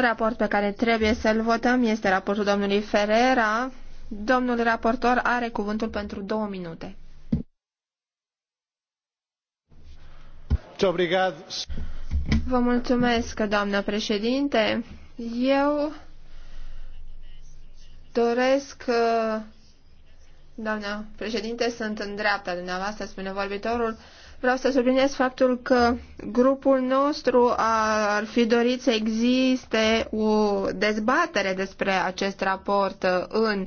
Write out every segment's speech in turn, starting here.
raport pe care trebuie să-l votăm este raportul domnului Ferreira. Domnul raportor are cuvântul pentru două minute. Vă mulțumesc, doamnă președinte. Eu doresc, doamnă președinte, sunt în dreapta dumneavoastră, spune vorbitorul, Vreau să subliniez faptul că grupul nostru ar fi dorit să existe o dezbatere despre acest raport în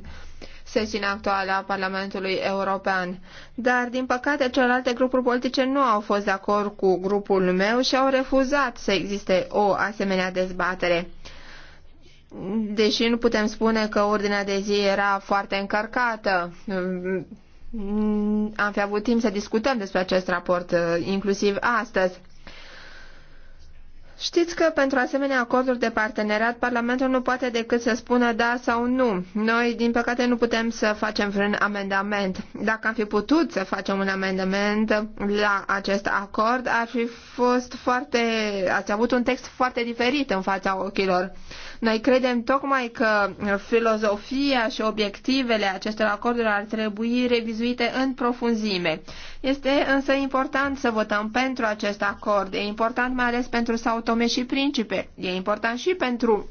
sesiunea actuală a Parlamentului European. Dar, din păcate, celelalte grupuri politice nu au fost de acord cu grupul meu și au refuzat să existe o asemenea dezbatere. Deși nu putem spune că ordinea de zi era foarte încărcată, Mm, am fi avut timp să discutăm despre acest raport, uh, inclusiv astăzi. Știți că pentru asemenea acorduri de parteneriat, Parlamentul nu poate decât să spună da sau nu. Noi, din păcate, nu putem să facem vreun amendament. Dacă am fi putut să facem un amendament la acest acord, ar fi fost foarte... ați avut un text foarte diferit în fața ochilor noi credem tocmai că filozofia și obiectivele acestor acorduri ar trebui revizuite în profunzime. Este însă important să votăm pentru acest acord. E important mai ales pentru Sao Tome și Principe. E important și pentru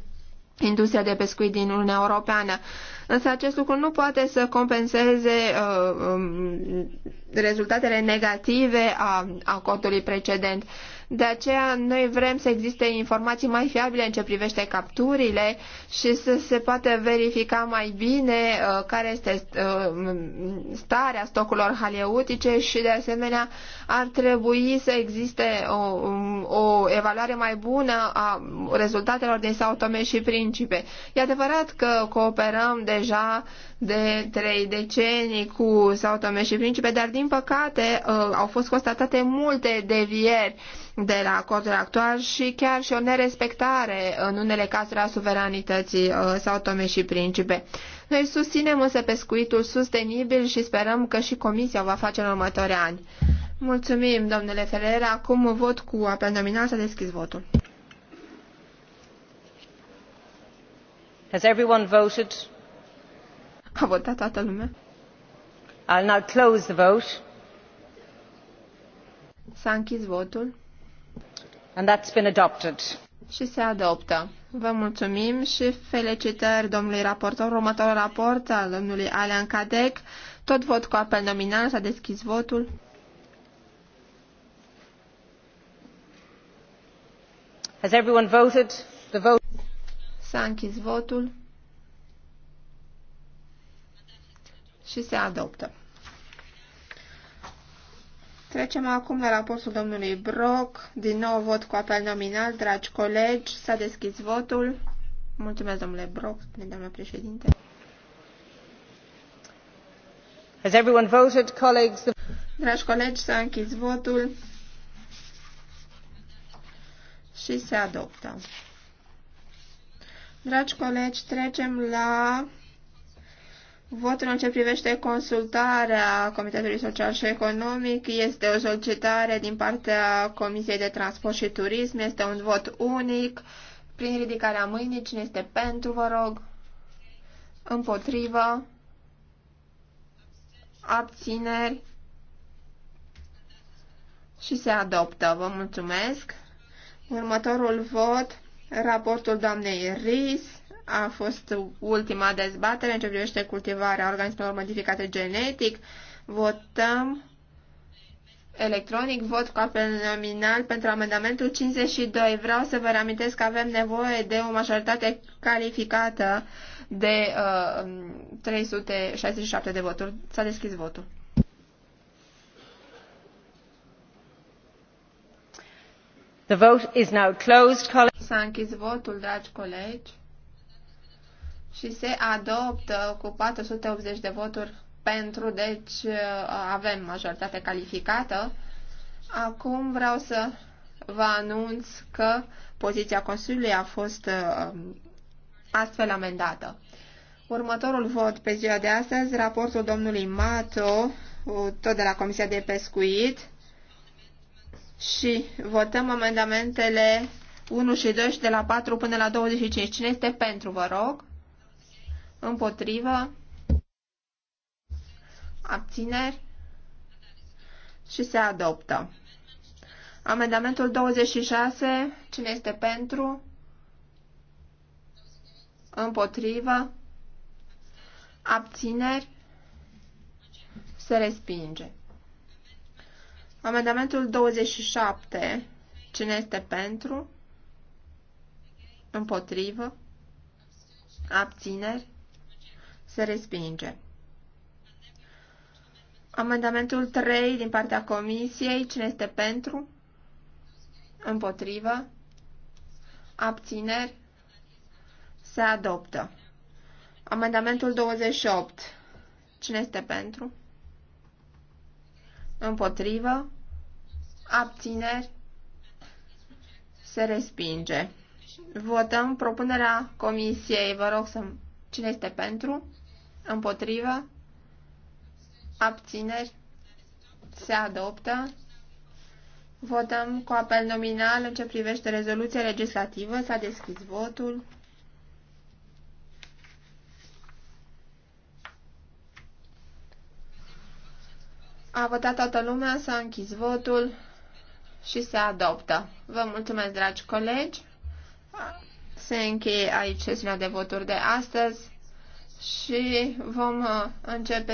industria de pescuit din Uniunea Europeană. Însă acest lucru nu poate să compenseze uh, um, rezultatele negative a acordului precedent. De aceea noi vrem să existe informații mai fiabile în ce privește capturile și să se poată verifica mai bine uh, care este uh, starea stocurilor haleutice și de asemenea ar trebui să existe o, um, o evaluare mai bună a rezultatelor din Sao Tome și Principe. E adevărat că cooperăm deja de trei decenii cu Sao Tome și Principe, dar din păcate uh, au fost constatate multe devieri de la acordul actual și chiar și o nerespectare în unele cazuri a suveranității uh, sau tome și principe. Noi susținem însă pescuitul sustenibil și sperăm că și Comisia va face în următorii ani. Mulțumim, domnule Ferreira. Acum vot cu apel nominal să deschis votul. Has everyone voted? A votat toată lumea. I'll now close the vote. S-a închis votul and that's been adopted. Și se adoptă. Vă mulțumim și felicitări domnului raportor. Următorul raport al domnului Alean Cadec. Tot vot cu apel nominal. S-a deschis votul. Has everyone voted? The vote... S-a închis votul și se adoptă. Trecem acum la raportul domnului Brock. Din nou vot cu apel nominal, dragi colegi. S-a deschis votul. Mulțumesc, domnule Brock, spune doamna președinte. Has everyone voted, colleagues? Dragi colegi, s-a închis votul și se adoptă. Dragi colegi, trecem la Votul în ce privește consultarea Comitetului Social și Economic este o solicitare din partea Comisiei de Transport și Turism. Este un vot unic. Prin ridicarea mâinii, cine este pentru, vă rog? Împotrivă? Abțineri? Și se adoptă. Vă mulțumesc. Următorul vot, raportul doamnei RIS a fost ultima dezbatere în ce privește cultivarea organismelor modificate genetic. Votăm electronic, vot cu apel nominal pentru amendamentul 52. Vreau să vă reamintesc că avem nevoie de o majoritate calificată de uh, 367 de voturi. S-a deschis votul. The vote is now closed. S-a închis votul, dragi colegi și se adoptă cu 480 de voturi pentru, deci uh, avem majoritate calificată. Acum vreau să vă anunț că poziția Consiliului a fost uh, astfel amendată. Următorul vot pe ziua de astăzi, raportul domnului Mato, uh, tot de la Comisia de Pescuit, și votăm amendamentele 1 și 2 de la 4 până la 25. Cine este pentru, vă rog? Împotrivă. Abțineri. Și se adoptă. Amendamentul 26. Cine este pentru? Împotrivă. Abțineri. Se respinge. Amendamentul 27. Cine este pentru? Împotrivă? Abțineri? Se respinge. Amendamentul 3 din partea comisiei. Cine este pentru? Împotrivă? Abțineri? Se adoptă. Amendamentul 28. Cine este pentru? Împotrivă? Abțineri? Se respinge. Votăm propunerea comisiei. Vă rog să... Cine este pentru? Împotrivă? Abțineri? Se adoptă. Votăm cu apel nominal în ce privește rezoluția legislativă. S-a deschis votul. A votat toată lumea, s-a închis votul și se adoptă. Vă mulțumesc, dragi colegi. Se încheie aici sesiunea de voturi de astăzi și vom uh, începe